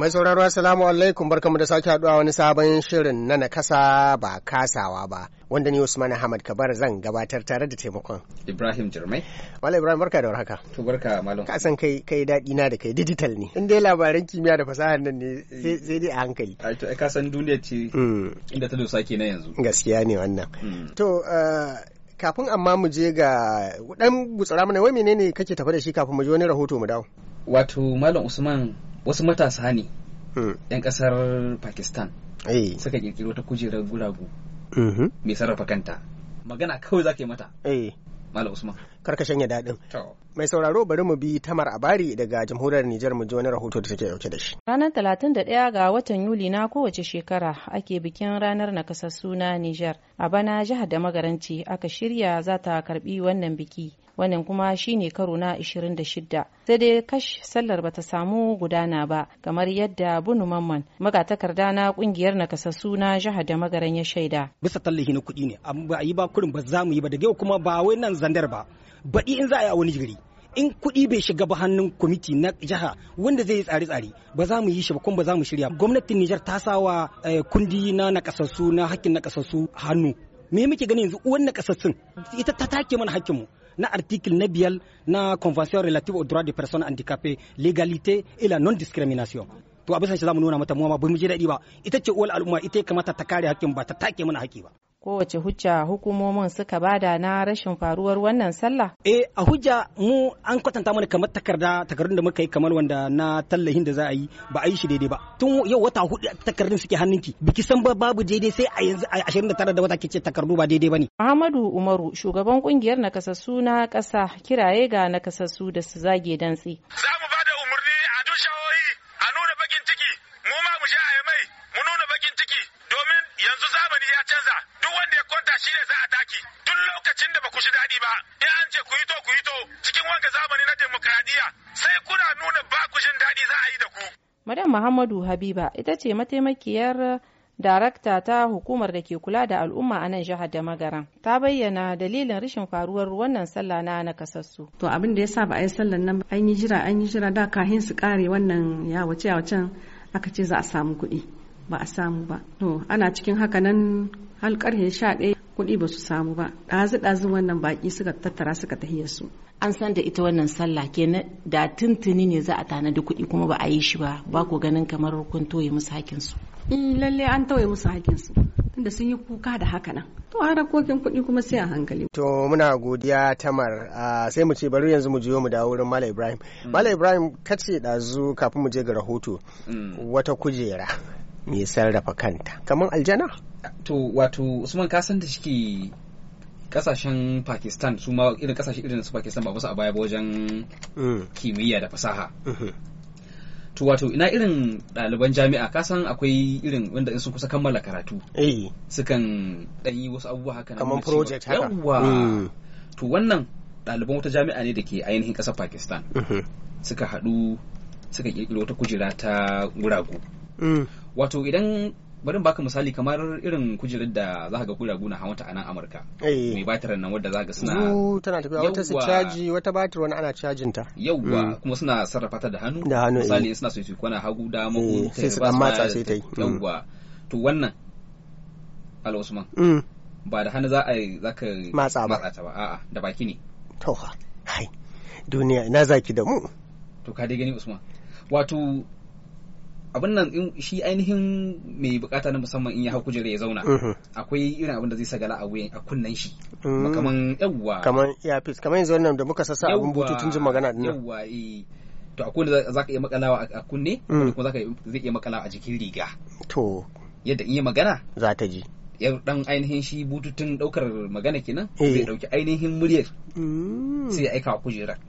Mai sauraro Assalamu alaikum barkamu da sake haduwa wani sabon shirin na nakasa ba kasawa ba wanda ni Usman Ahmad Kabar zan gabatar tare da taimakon Ibrahim Jirmai. Wala Ibrahim barka da warhaka. To barka malam. Ka san kai kai dadi na da kai digital ne. In dai labaran kimiyya da fasaha nan ne sai dai a hankali. Ai to ka san duniya ce hmm. inda ta dosa na yanzu. Gaskiya ne wannan. Hmm. To eh, kafin amma mu je ga dan gutsara mana wai menene kake tafa da shi kafin mu je wani rahoto mu dawo. Wato malam Usman wasu matasa ne hmm. yan kasar pakistan suka ƙirƙiro ta kujerar guragu mm-hmm. mai sarrafa kanta magana kawai za ka yi mata Malam Usman. Karkashin ya daɗin. Mai sauraro bari mu bi Tamar Abari daga Jamhuriyar Nijar mu ji wani rahoto da take dauke da shi. Ranar ɗaya ga watan Yuli na kowace shekara ake bikin ranar kasar suna Nijar. A bana jihar da magaranci aka shirya za ta karbi wannan biki wannan kuma shine karo na 26 sai dai kash sallar bata samu gudana ba kamar yadda bunu mamman magatakarda na kungiyar nakasassu na jihar da magaran ya shaida bisa tallahi na kuɗi ne a yi ba kurin ba za mu yi ba daga yau kuma ba wai nan zandar ba baɗi in za a yi a wani gari in kuɗi bai shiga ba hannun kwamiti na jiha wanda zai yi tsare-tsare ba za mu yi shi ba kuma ba za mu shirya gwamnatin Nijar ta sa wa eh, kundi na nakasassu na hakkin nakasassu hannu me muke gani yanzu uwan nakasassun ita ta take mana hakkinmu na article ne biyal na convention relative aux droits des personnes handicapées l'égalité et la non discrimination to abin shi zamu nuna mata mu ba mu ji daɗi ba ita ce uwar al'umma ita kamata ta kare hakkin ba ta take mana haƙƙi ba kowace hujja hukumomin suka bada na rashin faruwar wannan sallah? e a hujja mu an kwatanta mana kamar takarda takardun da muka yi kamar wanda na tallahin da za a yi ba a yi shi daidai ba. Tun yau wata hudu takardun suke hannunki biki san babu daidai sai a yanzu a 29 da wata kice takardu ba daidai bane. Muhammadu Umaru shugaban kungiyar nakasassu na kasa kiraye ga nakasassu da su zage dantsi. Za Maryam Muhammadu Habiba ita ce mataimakiyar darakta ta hukumar da ke kula da al'umma a nan jihar da magaran ta bayyana dalilin rashin faruwar wannan sallah na nakasassu to abin da ya sa ba a yi sallar nan an yi jira an yi jira da kahin su kare wannan ya a yawacen aka ce za a samu kuɗi ba a samu ba to ana cikin haka nan har karhe sha ɗaya kuɗi ba su samu ba ɗazu ɗazu wannan baƙi suka tattara suka tahiyar su an san da ita wannan sallah kenan da tuntuni ne za a tanadi kuɗi kuma ba a yi shi ba ba ko ganin kamar kun toye musu hakin su eh, lalle an toye musu hakin su tunda sun yi kuka da haka nan to harakokin kuɗi kuma sai a hankali to muna godiya tamar ah, sai mu ce bari yanzu mu jiyo mu dawo wurin mala ibrahim mm. mala ibrahim kace ɗazu kafin mu je ga rahoto mm. wata kujera mai sarrafa kanta kamar aljana to wato usman ka san da shike kasashen pakistan su ma irin kasashe irin su pakistan ba su a baya wajen mm. kimiyya da fasaha mm-hmm. to wato ina irin ɗaliban jami'a kasan akwai irin wanda in sun kusa kammala karatu eh. sukan ɗan yi wasu abubuwa haka kamar project haka yawa mm. to wannan ɗaliban wata jami'a ne da ke ainihin ƙasar pakistan mm-hmm. suka haɗu suka ƙirƙiro wata kujera ta guragu mm. wato idan bari baka misali kamar irin kujerar da za ka ga kuragu na hawanta a nan Amurka. Eh. Mai batir nan wadda za ka suna tana tafiya wata su caji wata batir wani ana cajin ta. Yawwa mm. kuma suna sarrafa ta da hannu. Da hannu eh. misali suna so su kwana hagu da mu eh, sai su dan matsa sai ta yi. Mm. to wannan Al Usman. Mm. Ba da hannu za a yi za ka matsa ba. A'a da baki ne. To hai duniya ina zaki da mu. To ka dai gani Usman. Wato abin nan shi ainihin mai bukata na musamman in ya hau kujera ya zauna mhm. akwai irin abin da zai sagala a wuyan a kunnen shi mm. kaman yawwa kaman earpiece kamar yanzu wannan da muka sassa abin bututun jin magana din yawwa eh to akwai da ka iya makalawa a kunne mm. wanda kuma ka zai iya makalawa a jikin riga to yadda in yi magana za ta ji yar dan ainihin shi bututun daukar magana kenan eh. zai dauki ainihin muryar mm. sai ya aika kujerar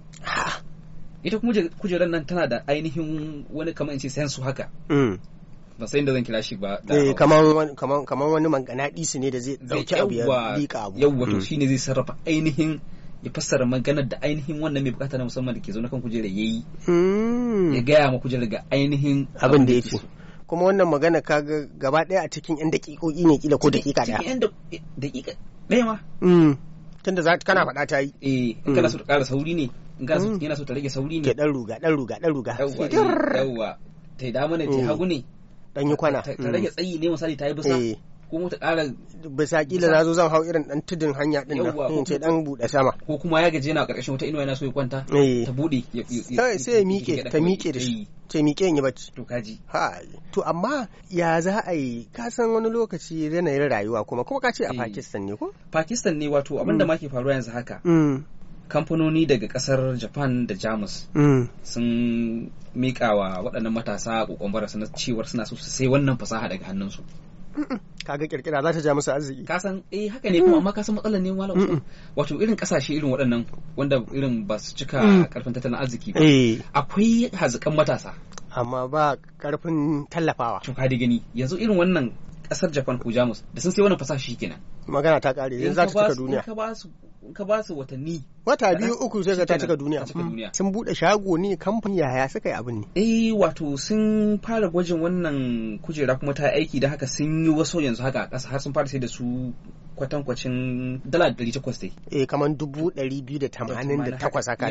ita kujerar nan tana da ainihin wani kamar in ce sensu haka mm. ba sai da zan kira shi ba eh, Kamar wani manganadi su ne da zai dauki abu ya liƙa abu yawa to mm. shine zai sarrafa ainihin ya fassara maganar da ainihin wannan mai bukata na musamman da ke zaune kan kujera yi mm. ya gaya ma kujera ga ainihin abin da yake kuma wannan magana kaga gaba daya a cikin yan daƙiƙoƙi ne kila ko daƙiƙa daya cikin daƙiƙa ɗaya ma tunda za kana faɗa ta yi eh kana so ƙara sauri ne yana so ta rage sauri ne ke dan ruga dan ruga dan ruga yawa ta da mana ta hagu ne dan yi kwana ta rage tsayi ne misali ta yi bisa ko ta ƙara bisa kila na zo zan hau irin dan tudun hanya din nan ko ce dan bude sama ko kuma ya gaje yana karkashin wata inuwa yana so ya kwanta ta bude sai ya mike ta mike da shi ce mike yin yi bacci to kaji ha to amma ya za a yi ka san wani lokaci yanayin rayuwa kuma kuma ka ce a Pakistan ne ko Pakistan ne wato abinda ma ke faruwa yanzu haka kamfanoni daga kasar japan da jamus mm. sun mika wa waɗannan matasa kokon bara suna cewar suna so su sai wannan fasaha daga hannunsu kaga kirkira za ta ja musu arziki ka san eh haka ne kuma mm. amma ka san matsalar ne malam wato irin kasashe irin waɗannan wanda irin ba su cika karfin mm. tattalin arziki ba eh. akwai hazikan matasa amma ba karfin tallafawa to ka gani yanzu irin wannan kasar Japan ko Jamus da sun sai wannan fasaha kenan magana ta kare yanzu za ta cika duniya ka ba su watanni wata biyu uku sai ga ta cika duniya sun bude shago ne kamfani yaya suka yi abin ne eh wato sun fara gwajin wannan kujera kuma ta aiki da haka sun yi wasu yanzu haka a ƙasa har sun fara sai da su kwatankwacin dala dari takwas dai eh kamar dubu ɗari biyu da tamanin da takwas haka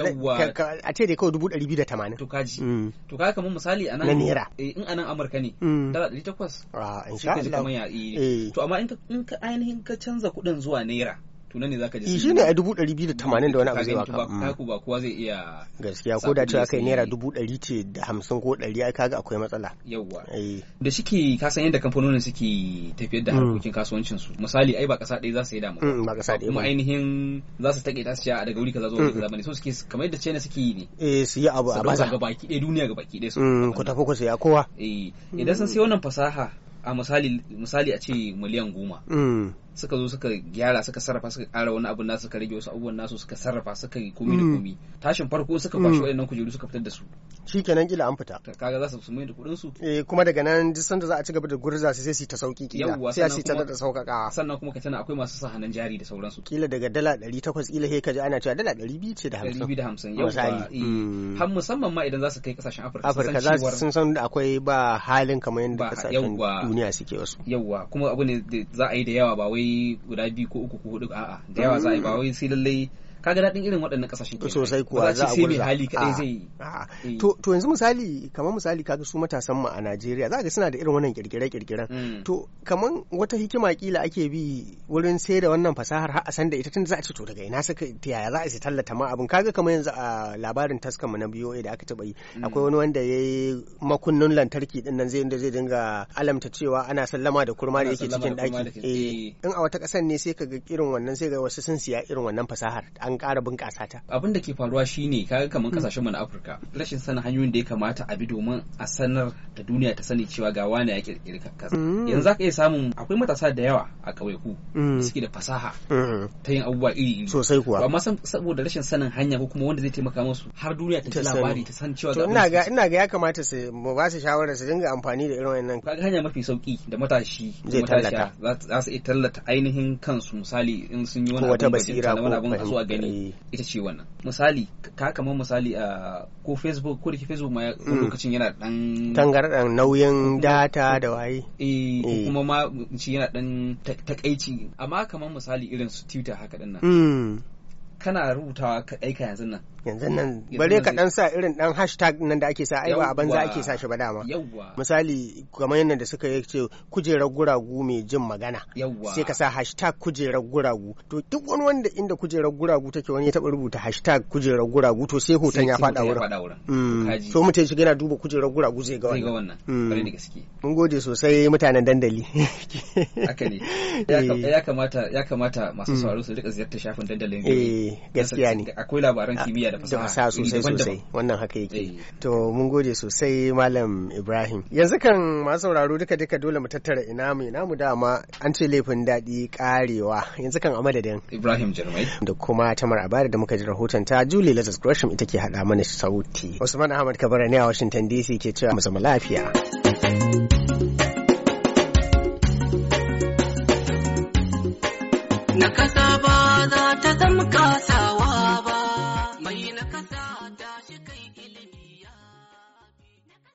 a ce dai kawai dubu ɗari biyu da tamanin to kaji mm. to kaji kamar misali a nan na naira eh, in a nan amurka ne mm. dala dari takwas a in sha Allah eh. to amma in ka ainihin ka canza kuɗin zuwa naira tuna ne zaka ji eh, shi ne a dubu biyu da tamanin da wani abu zai baka mm. kaku ba kowa zai iya gaskiya ko da cewa kai naira dubu ce da hamsin ko 100 ai kaga akwai matsala yawwa eh. da shike ka san yadda kamfanonin suke tafiyar da mm. harkokin kasuwancin su misali ai ba kasa ɗaya za su yi damu mm, ba kasa ɗaya kuma ainihin za su take ta su a daga wuri kaza zuwa wuri kaza bane so suke kamar yadda China suke yi ne eh su yi abu a baza ga baki ɗaya eh, duniya ga baki ɗaya su ku tafi ku ya kowa eh idan sun sai wannan fasaha a misali misali a ce miliyan goma suka zo suka gyara suka sarrafa suka ƙara wani abu nasu suka rage wasu abubuwan nasu suka sarrafa suka yi komi da mm. komi tashin farko suka kwashi mm. waɗannan kujeru suka fitar da su shikenan kila an fita kaga za su mai da kuɗin su eh kuma daga nan duk sanda za a ci gaba da gurza su sai su ta sauki kila sai su ta da saukaka sannan kuma ka tana akwai masu sa hannun jari da sauransu kila daga dala 800 kila sai ka ji ana cewa dala 200 ce da 50 250 eh. mm. har musamman ma idan za su kai kasashen Afirka Afirka za su sun san da akwai ba halin kamar yadda kasashen duniya suke wasu yawwa kuma abu ne za a yi da yawa ba wai wai guda biyu ko uku ko hudu a'a da yawa za a yi ba wai sai lallai kaga daɗin irin waɗannan ƙasashen ke sosai kuwa za a sai mai hali kaɗai ah, zai ah. eh. to to yanzu misali kamar misali kaga su matasan mu a Najeriya za ga suna da irin wannan kirkire kirkiren mm. to kamar wata hikima kila ake bi wurin sai da wannan fasahar har a san da ita tun za a ce to daga ina suka ta yaya za a yi tallata ma abin kaga kamar yanzu a labarin taskan mu na BOA da aka taɓa yi mm. akwai wani wanda yi makunnun lantarki ɗin nan zai inda zai dinga alamta cewa ana sallama da kurma da yake cikin ɗaki. Eh. in a wata ƙasar ne sai ga irin wannan sai ga wasu sun siya irin wannan fasahar an ƙara bunƙasa ta abin da ke faruwa shine kaga kamar kasashen hmm. mu na Afirka rashin sanin hanyoyin da ya kamata a bi domin a sanar da duniya ta sani cewa ga wani ya kirkiri kasa hmm. yanzu ka iya samun akwai matasa da yawa a ƙauyaku hmm. suke da fasaha ta yin abubuwa iri iri sosai kuwa amma saboda rashin sanin hanya ko kuma wanda zai taimaka musu har duniya ta labari ta san cewa ga ina ga ina ga ya kamata su mu ba su shawara su dinga amfani da irin wannan kaga hanya mafi sauki da matashi zai tallata za su iya tallata ainihin kansu misali in sun yi wani abin da ko wani abin a gani Eh. ita ce wannan misali ka kamar misali a ah, ko facebook ko da ke facebook ma mm. lokacin yana dan tangardan nauyin data da waye eh, eh. kuma ma shi yana dan takaici amma kamar misali irin su twitter haka din nan mm. kana rubutawa ka aika yanzu nan yanzu nan bare ka dan sa irin dan hashtag nan da ake sa ai ba a banza ake sa shi ba dama misali kamar yadda da suka yi ce kujerar guragu mai jin magana yawwa sai ka sa hashtag kujerar guragu to duk wani wanda inda kujerar guragu take wani ya taba rubuta hashtag kujerar guragu to sai hoton ya fada wurin mm. so mutum shi yana duba kujerar guragu zai ga wannan wannan, mm. gaske. mun gode sosai mutanen dandali haka ne ya kamata masu mm. sauraro su rika ziyarta shafin dandalin gaskiya ne akwai labaran kimiyya da fasaha fasaha sosai sosai wannan haka yake eh. to mun gode sosai malam Ibrahim yanzu kan masu sauraro duka duka dole mu tattara ina mu ina mu dama an ce laifin daɗi karewa yanzu kan a madadin Ibrahim Jarmai da kuma Tamar abada da muka ji rahoton ta Julie Lazarus Gresham ita ke hada mana sauti Usman Ahmad Kabara ne a Washington DC ke cewa mu zama lafiya na kasa ba